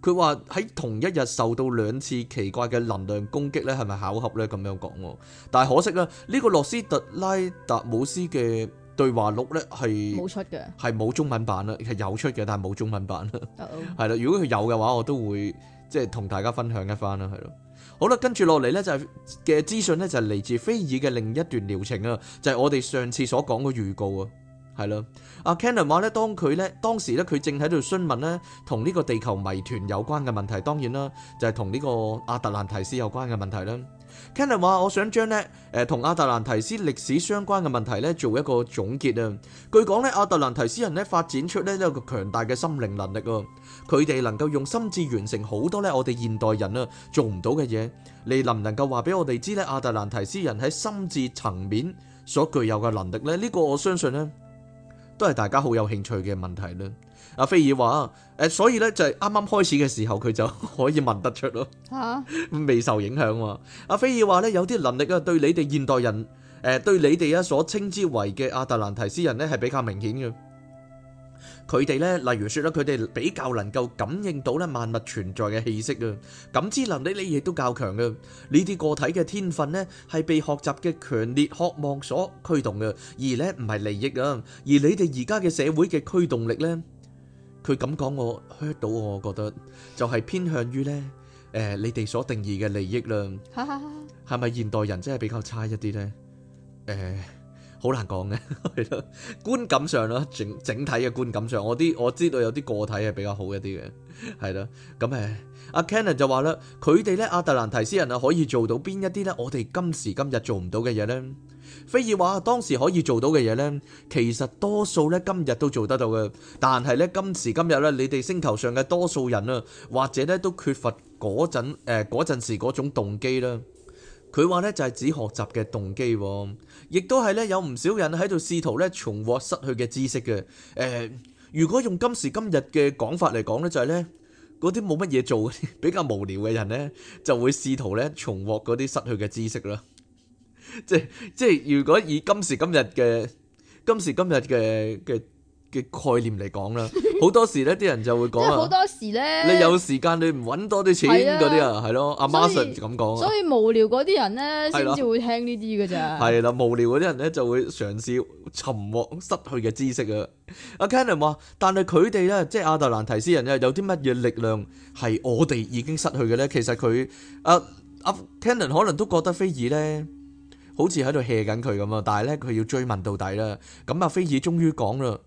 佢話喺同一日受到兩次奇怪嘅能量攻擊咧，係咪巧合咧？咁樣講，但係可惜啦，呢個諾斯特拉達姆斯嘅。對話錄咧係冇出嘅，係冇中文版啦，係有出嘅，但係冇中文版啦。係啦，如果佢有嘅話，我都會即係同大家分享一番啦，係咯。好啦，跟住落嚟咧就係嘅資訊咧就係嚟自菲爾嘅另一段療程啊，就係我哋上次所講嘅預告啊，係啦。阿 Cannon 話咧，當佢咧當時咧佢正喺度詢問咧同呢個地球謎團有關嘅問題，當然啦，就係同呢個阿特蘭提斯有關嘅問題啦。Cannon 話：我想將咧誒同阿特蘭堤斯歷史相關嘅問題咧做一個總結啊。據講咧，阿特蘭堤斯人咧發展出咧一個強大嘅心靈能力啊，佢哋能夠用心智完成好多咧我哋現代人啊做唔到嘅嘢。你能唔能夠話俾我哋知咧阿特蘭堤斯人喺心智層面所具有嘅能力咧？呢個我相信咧，都係大家好有興趣嘅問題啦。阿菲爾話：誒、呃，所以咧就係啱啱開始嘅時候，佢就可以問得出咯吓， 未受影響。阿菲爾話咧，有啲能力啊，對你哋現代人，誒、呃，對你哋啊所稱之為嘅亞特蘭提斯人咧，係比較明顯嘅。佢哋呢，例如說呢，佢哋比較能夠感應到呢萬物存在嘅氣息啊，感知能力呢亦都較強噶。呢啲個體嘅天分呢，係被學習嘅強烈渴望所驅動噶，而呢唔係利益啊。而你哋而家嘅社會嘅驅動力呢，佢咁講我 hear 到，我覺得就係偏向於呢，誒，你哋所定義嘅利益啦，係咪現代人真係比較差一啲呢？誒。好難講嘅，係咯，觀感上咯，整整體嘅觀感上，我啲我知道有啲個體係比較好一啲嘅， 係、嗯、咯，咁、啊、誒，阿 Cannon 就話啦，佢哋咧阿特蘭提斯人啊可以做到邊一啲咧，我哋今時今日做唔到嘅嘢呢？非非爾話當時可以做到嘅嘢呢，其實多數咧今日都做得到嘅，但係咧今時今日咧，你哋星球上嘅多數人啊，或者咧都缺乏嗰陣誒嗰、呃、陣時嗰種動機啦。佢話咧就係指學習嘅動機，亦都係咧有唔少人喺度試圖咧重獲失去嘅知識嘅。誒，如果用今時今日嘅講法嚟講咧，就係咧嗰啲冇乜嘢做比較無聊嘅人咧，就會試圖咧重獲嗰啲失去嘅知識啦。即係即係，如果以今時今日嘅今時今日嘅嘅嘅概念嚟講啦，好多時呢啲人就會講。好多時咧，你有時間你，你唔揾多啲錢嗰啲啊，係咯、啊，阿媽實咁講啊。所以無聊嗰啲人呢，先至會聽呢啲㗎咋係啦。無聊嗰啲人呢就會嘗試尋獲失去嘅知識啊。阿 Kenan 話，但係佢哋呢，即係亞特蘭提斯人呢，有啲乜嘢力量係我哋已經失去嘅呢？其實佢阿阿 Kenan 可能都覺得菲爾呢，好似喺度 hea 緊佢咁啊，但係呢，佢要追問到底啦。咁阿菲爾終於講啦。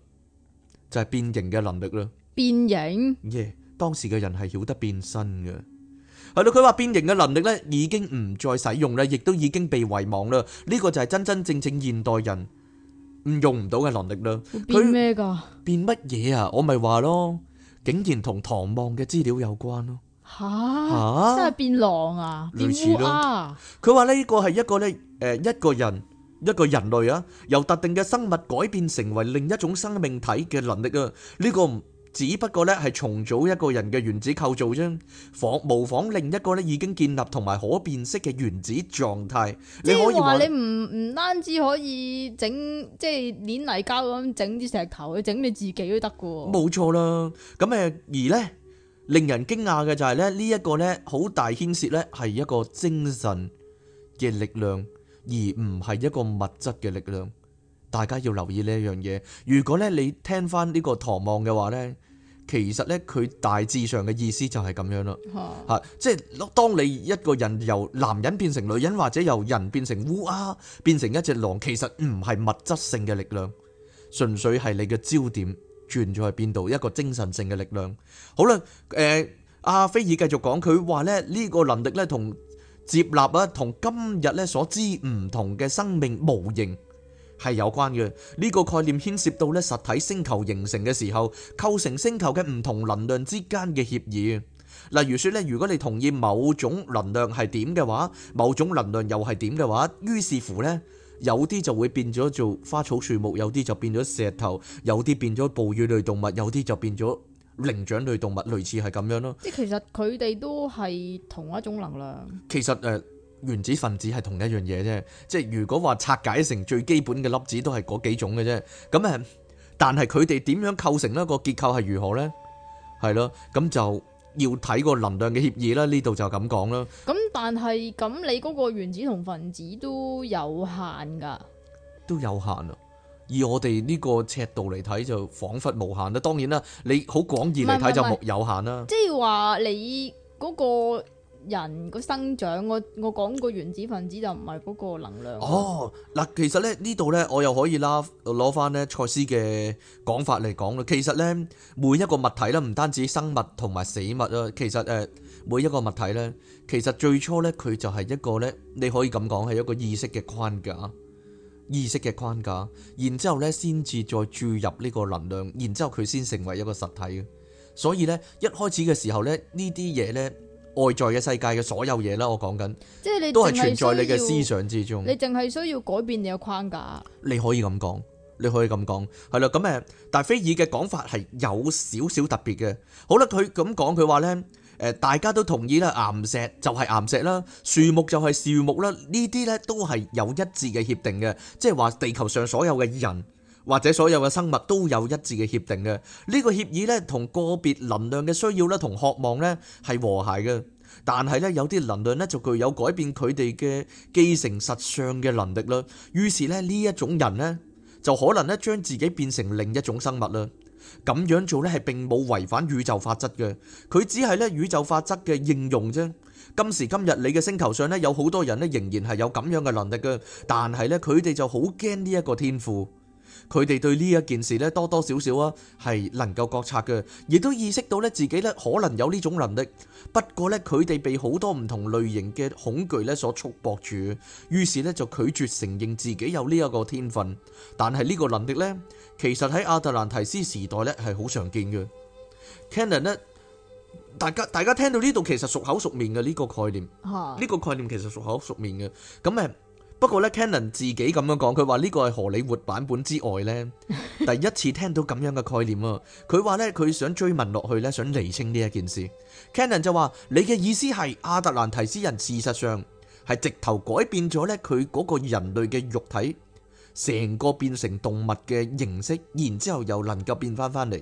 就係變形嘅能力啦。變形，耶！當時嘅人係曉得變身嘅，係咯。佢話變形嘅能力咧已經唔再使用啦，亦都已經被遺忘啦。呢個就係真真正正現代人唔用唔到嘅能力啦。佢咩㗎？變乜嘢啊？我咪話咯，竟然同唐望嘅資料有關咯。嚇！真係變狼啊！類似咯。變烏啊！佢話呢個係一個咧誒一個人。一個人類啊，由特定嘅生物改變成為另一種生命體嘅能力啊，呢個只不過咧係重組一個人嘅原子構造啫，仿模仿另一個咧已經建立同埋可辨識嘅原子狀態。即係話你唔唔單止可以整，即係捻泥膠咁整啲石頭，去整你自己都得噶。冇錯啦，咁誒而咧令人驚訝嘅就係咧呢一個咧好大牽涉咧係一個精神嘅力量。而唔係一個物質嘅力量，大家要留意呢一樣嘢。如果咧你聽翻呢個唐望嘅話呢，其實呢，佢大致上嘅意思就係咁樣啦。嚇、啊，即係當你一個人由男人變成女人，或者由人變成烏鴉，變成一隻狼，其實唔係物質性嘅力量，純粹係你嘅焦點轉咗去邊度，一個精神性嘅力量。好啦，誒、呃、阿菲爾繼續講，佢話呢，呢、呢個能力呢，同。接納啊，同今日咧所知唔同嘅生命模型係有關嘅。呢個概念牽涉到咧實體星球形成嘅時候，構成星球嘅唔同能量之間嘅協議。例如說咧，如果你同意某種能量係點嘅話，某種能量又係點嘅話，於是乎呢，有啲就會變咗做花草樹木，有啲就變咗石頭，有啲變咗哺乳類動物，有啲就變咗。靈長類動物類似係咁樣咯，即係其實佢哋都係同一種能量。其實誒，原子分子係同一樣嘢啫，即係如果話拆解成最基本嘅粒子都係嗰幾種嘅啫。咁誒，但係佢哋點樣構成呢個結構係如何呢？係咯，咁就要睇個能量嘅協議啦。呢度就咁講啦。咁但係咁，你嗰個原子同分子都有限噶，都有限啊。以我哋呢個尺度嚟睇，就彷彿無限啦。當然啦，你好廣義嚟睇就冇有限啦。即係話你嗰個人個生長，我我講個原子分子就唔係嗰個能量。哦，嗱，其實咧呢度咧，我又可以拉攞翻咧蔡司嘅講法嚟講啦。其實咧每一個物體咧，唔單止生物同埋死物啦，其實誒每一個物體咧，其實最初咧佢就係一個咧，你可以咁講係一個意識嘅框架。意識嘅框架，然之後咧先至再注入呢個能量，然之後佢先成為一個實體嘅。所以呢，一開始嘅時候咧呢啲嘢呢，外在嘅世界嘅所有嘢啦，我講緊，即係是你都係存在你嘅思想之中。你淨係需，需要改變你嘅框架你。你可以咁講，你可以咁講，係啦。咁誒，但係菲爾嘅講法係有少少特別嘅。好啦，佢咁講，佢話呢。誒，大家都同意啦，岩石就係岩石啦，樹木就係樹木啦，呢啲咧都係有一致嘅協定嘅，即係話地球上所有嘅人或者所有嘅生物都有一致嘅協定嘅。呢個協議咧同個別能量嘅需要咧同渴望咧係和諧嘅，但係咧有啲能量咧就具有改變佢哋嘅既成實相嘅能力啦。於是咧呢一種人咧就可能咧將自己變成另一種生物啦。咁樣做咧係並冇違反宇宙法則嘅，佢只係咧宇宙法則嘅應用啫。今時今日，你嘅星球上咧有好多人咧仍然係有咁樣嘅能力嘅，但係咧佢哋就好驚呢一個天賦，佢哋對呢一件事咧多多少少啊係能夠覺察嘅，亦都意識到咧自己咧可能有呢種能力，不過咧佢哋被好多唔同類型嘅恐懼咧所束縛住，於是咧就拒絕承認自己有呢一個天分。但係呢個能力咧。其實喺亞特蘭提斯時代呢，係好常見嘅，Cannon 呢，大家大家聽到呢度其實熟口熟面嘅呢個概念，呢 個概念其實熟口熟面嘅。咁誒，不過呢 Cannon 自己咁樣講，佢話呢個係荷里活版本之外呢，第一次聽到咁樣嘅概念啊。佢話呢，佢想追問落去呢，想釐清呢一件事。Cannon 就話：你嘅意思係亞特蘭提斯人事實上係直頭改變咗呢佢嗰個人類嘅肉體。成個變成動物嘅形式，然之後又能夠變翻翻嚟，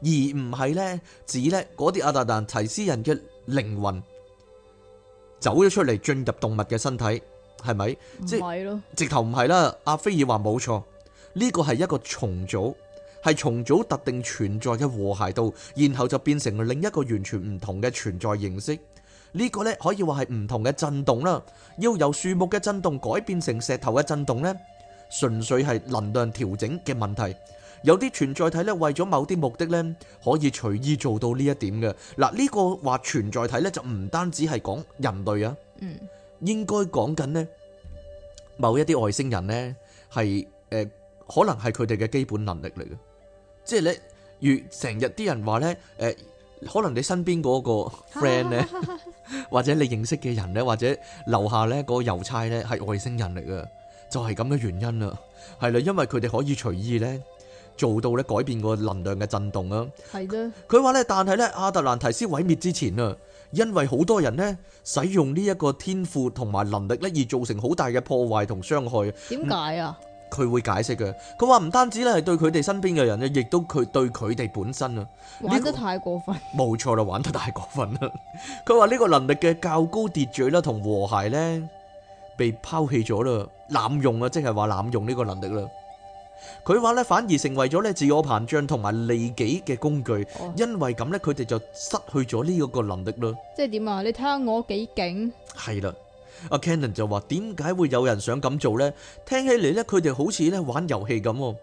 而唔係呢，指呢嗰啲阿特蘭堤斯人嘅靈魂走咗出嚟，進入動物嘅身體，係咪？即係直頭唔係啦。阿菲爾話冇錯，呢個係一個重組，係重組特定存在嘅和諧度，然後就變成另一個完全唔同嘅存在形式。呢個呢，可以話係唔同嘅震動啦。要由樹木嘅震動改變成石頭嘅震動呢。純粹係能量調整嘅問題，有啲存在體呢，為咗某啲目的呢，可以隨意做到呢一點嘅。嗱、這、呢個話存在體呢，就唔單止係講人類啊，嗯，應該講緊呢某一啲外星人呢，係誒、呃、可能係佢哋嘅基本能力嚟嘅，即係你越成日啲人話呢，誒、呃、可能你身邊嗰個 friend 呢， 或者你認識嘅人呢，或者樓下呢個郵差呢，係外星人嚟嘅。就係咁嘅原因啦，係啦，因為佢哋可以隨意呢，做到咧改變個能量嘅震動啊。係佢話咧，但係咧阿特蘭堤斯毀滅之前啊，因為好多人呢使用呢一個天賦同埋能力咧，而造成好大嘅破壞同傷害。點解啊？佢、嗯、會解釋嘅。佢話唔單止咧係對佢哋身邊嘅人咧，亦都佢對佢哋本身啊、這個，玩得太過分。冇錯啦，玩得太過分啦。佢話呢個能力嘅較高秩序啦，同和諧呢。被拋棄咗啦，濫用啊，即係話濫用呢個能力啦。佢話咧，反而成為咗咧自我膨脹同埋利己嘅工具，因為咁咧，佢哋就失去咗呢個能力啦。即係點啊？你睇下我幾勁。係啦，阿 Cannon 就話：點解會有人想咁做咧？聽起嚟咧，佢哋好似咧玩遊戲咁。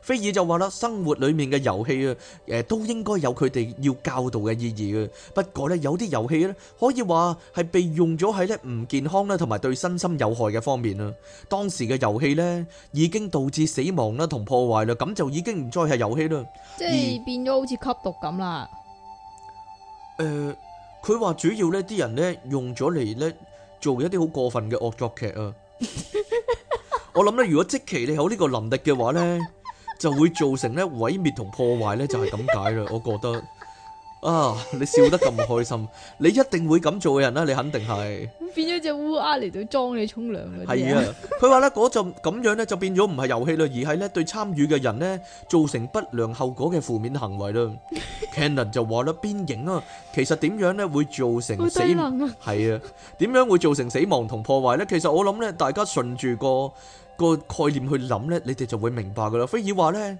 菲爾就話啦，生活裏面嘅遊戲啊，誒都應該有佢哋要教導嘅意義嘅。不過咧，有啲遊戲咧可以話係被用咗喺咧唔健康咧，同埋對身心有害嘅方面啦。當時嘅遊戲咧已經導致死亡啦同破壞啦，咁就已經唔再係遊戲啦，即係變咗好似吸毒咁啦。誒，佢話主要咧啲人咧用咗嚟咧做一啲好過分嘅惡作劇啊。我諗咧，如果即期你有呢個能力嘅話咧。就會造成咧毀滅同破壞咧，就係咁解啦。我覺得啊，你笑得咁開心，你一定會咁做嘅人啦，你肯定係變咗隻烏鴉嚟到裝你沖涼啦。係啊，佢話咧嗰就咁樣咧，就變咗唔係遊戲啦，而係咧對參與嘅人咧造成不良後果嘅負面行為啦。Cannon 就話咧，邊影啊？其實點樣咧會造成死亡？係啊，點樣會造成死亡同破壞咧？其實我諗咧，大家順住個個概念去諗呢，你哋就會明白噶啦。菲爾話呢，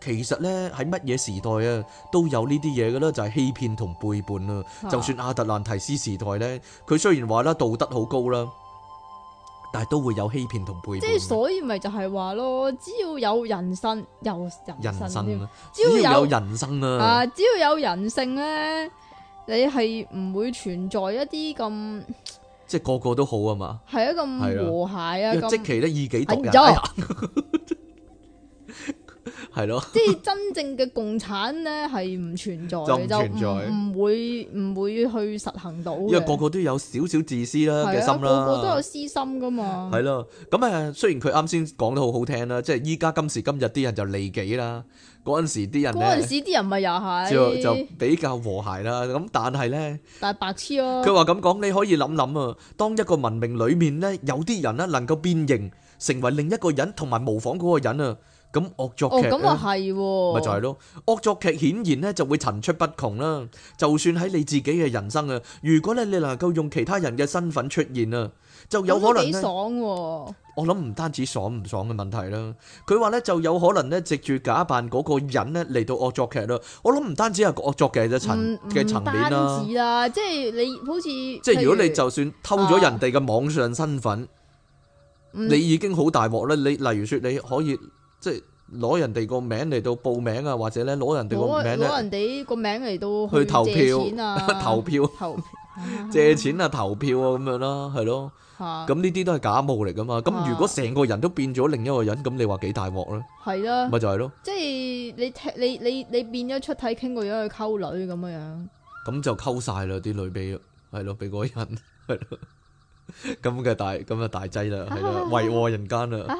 其實呢，喺乜嘢時代，就是、啊，都有呢啲嘢噶啦，就係欺騙同背叛啦。就算阿特蘭提斯時代呢，佢雖然話啦道德好高啦，但係都會有欺騙同背叛。即係所以咪就係話咯，只要有人性，有人生，只要有人生啦，啊，只要有人性呢，你係唔會存在一啲咁。即個個都好啊嘛，係啊，咁和諧啊，啊即其咧以己度人，係咯。即真正嘅共產咧係唔存在，就唔會唔 會，會去實行到。因為個個都有少少自私啦，嘅心啦，個個都有私心㗎嘛。係咯，咁誒，雖然佢啱先講得好好聽啦，即係依家今時今日啲人就利己啦。嗰陣時啲人咧，嗰陣時啲人咪又係就就比較和諧啦。咁但係咧，但係白痴咯。佢話咁講，你可以諗諗啊。當一個文明裏面咧，有啲人咧能夠變形，成為另一個人同埋模仿嗰個人啊。咁惡作劇哦，咁都係喎，咪就係咯。惡作劇顯然咧就會層出不窮啦。就算喺你自己嘅人生啊，如果咧你能夠用其他人嘅身份出現啊，就有可能咧。好幾爽喎！我諗唔單止爽唔爽嘅問題啦，佢話咧就有可能咧藉住假扮嗰個人咧嚟到惡作劇咯。我諗唔單止係惡作劇嘅層嘅層面啦，嗯，即係你好似即係如，如果你就算偷咗人哋嘅網上身份，啊嗯，你已經好大鑊啦。你例如說你可以即係攞人哋個名嚟到報名啊，或者咧攞人哋個名攞人哋個名嚟到去投票，啊，投票。投票 借錢啊，投票啊，咁樣啦，係咯，咁呢啲都係假冒嚟噶嘛。咁如果成個人都變咗另一個人，咁你話幾大鑊咧？係咯，咪就係咯。即係你你你你你變咗出體傾過咗去溝女咁樣，咁就溝晒啦啲女俾，係咯俾個人，係咯咁嘅大咁嘅大劑啦，係啦，為禍人間啦。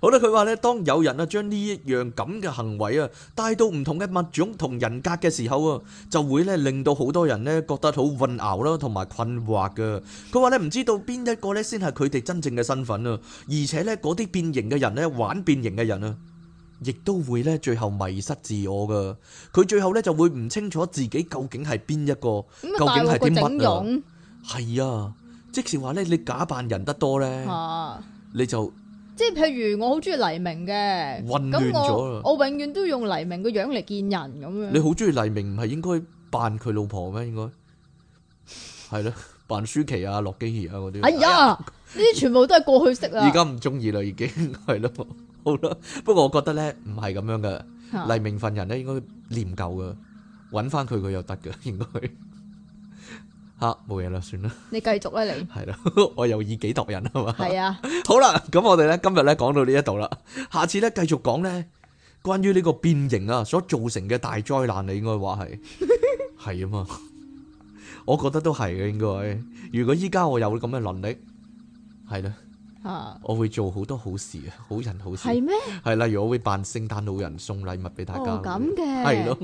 好啦，佢話咧，當有人啊將呢一樣咁嘅行為啊帶到唔同嘅物種同人格嘅時候啊，就會咧令到好多人咧覺得好混淆啦，同埋困惑㗎。佢話咧唔知道邊一個咧先係佢哋真正嘅身份啊，而且咧嗰啲變形嘅人咧玩變形嘅人啊，亦都會咧最後迷失自我噶。佢最後咧就會唔清楚自己究竟係邊一個，究竟係啲乜？係啊，即是話咧你假扮人得多咧，你就。即係譬如我好中意黎明嘅，混亂咗啦！我永遠都用黎明個樣嚟見人咁樣。你好中意黎明唔係應該扮佢老婆咩？應該係咯，扮 舒淇啊、樂基兒啊嗰啲。哎呀，呢啲 全部都係過去式啦！而家唔中意啦，已經係咯，好啦。不過我覺得咧，唔係咁樣噶，黎明份人咧應該念舊噶，揾翻佢佢又得噶，應該。吓，冇嘢啦，算啦。你繼續啦，你係啦，我又以己度人係嘛？係啊，好啦，咁我哋咧今日咧講到呢一度啦，下次咧繼續講咧關於呢個變形啊所造成嘅大災難，你應該話係係啊嘛。我覺得都係嘅，應該。如果依家我有咁嘅能力，係啦。啊！我會做好多好事，好人好事係咩？係嗎例如我會扮聖誕老人送禮物俾大家，咁嘅。哦，係咯，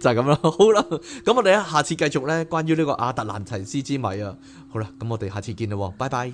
就係咁啦，好啦，咁我哋啊下次繼續咧，關於呢個亞特蘭提斯之謎啊，好啦，咁我哋下次見啦，拜拜。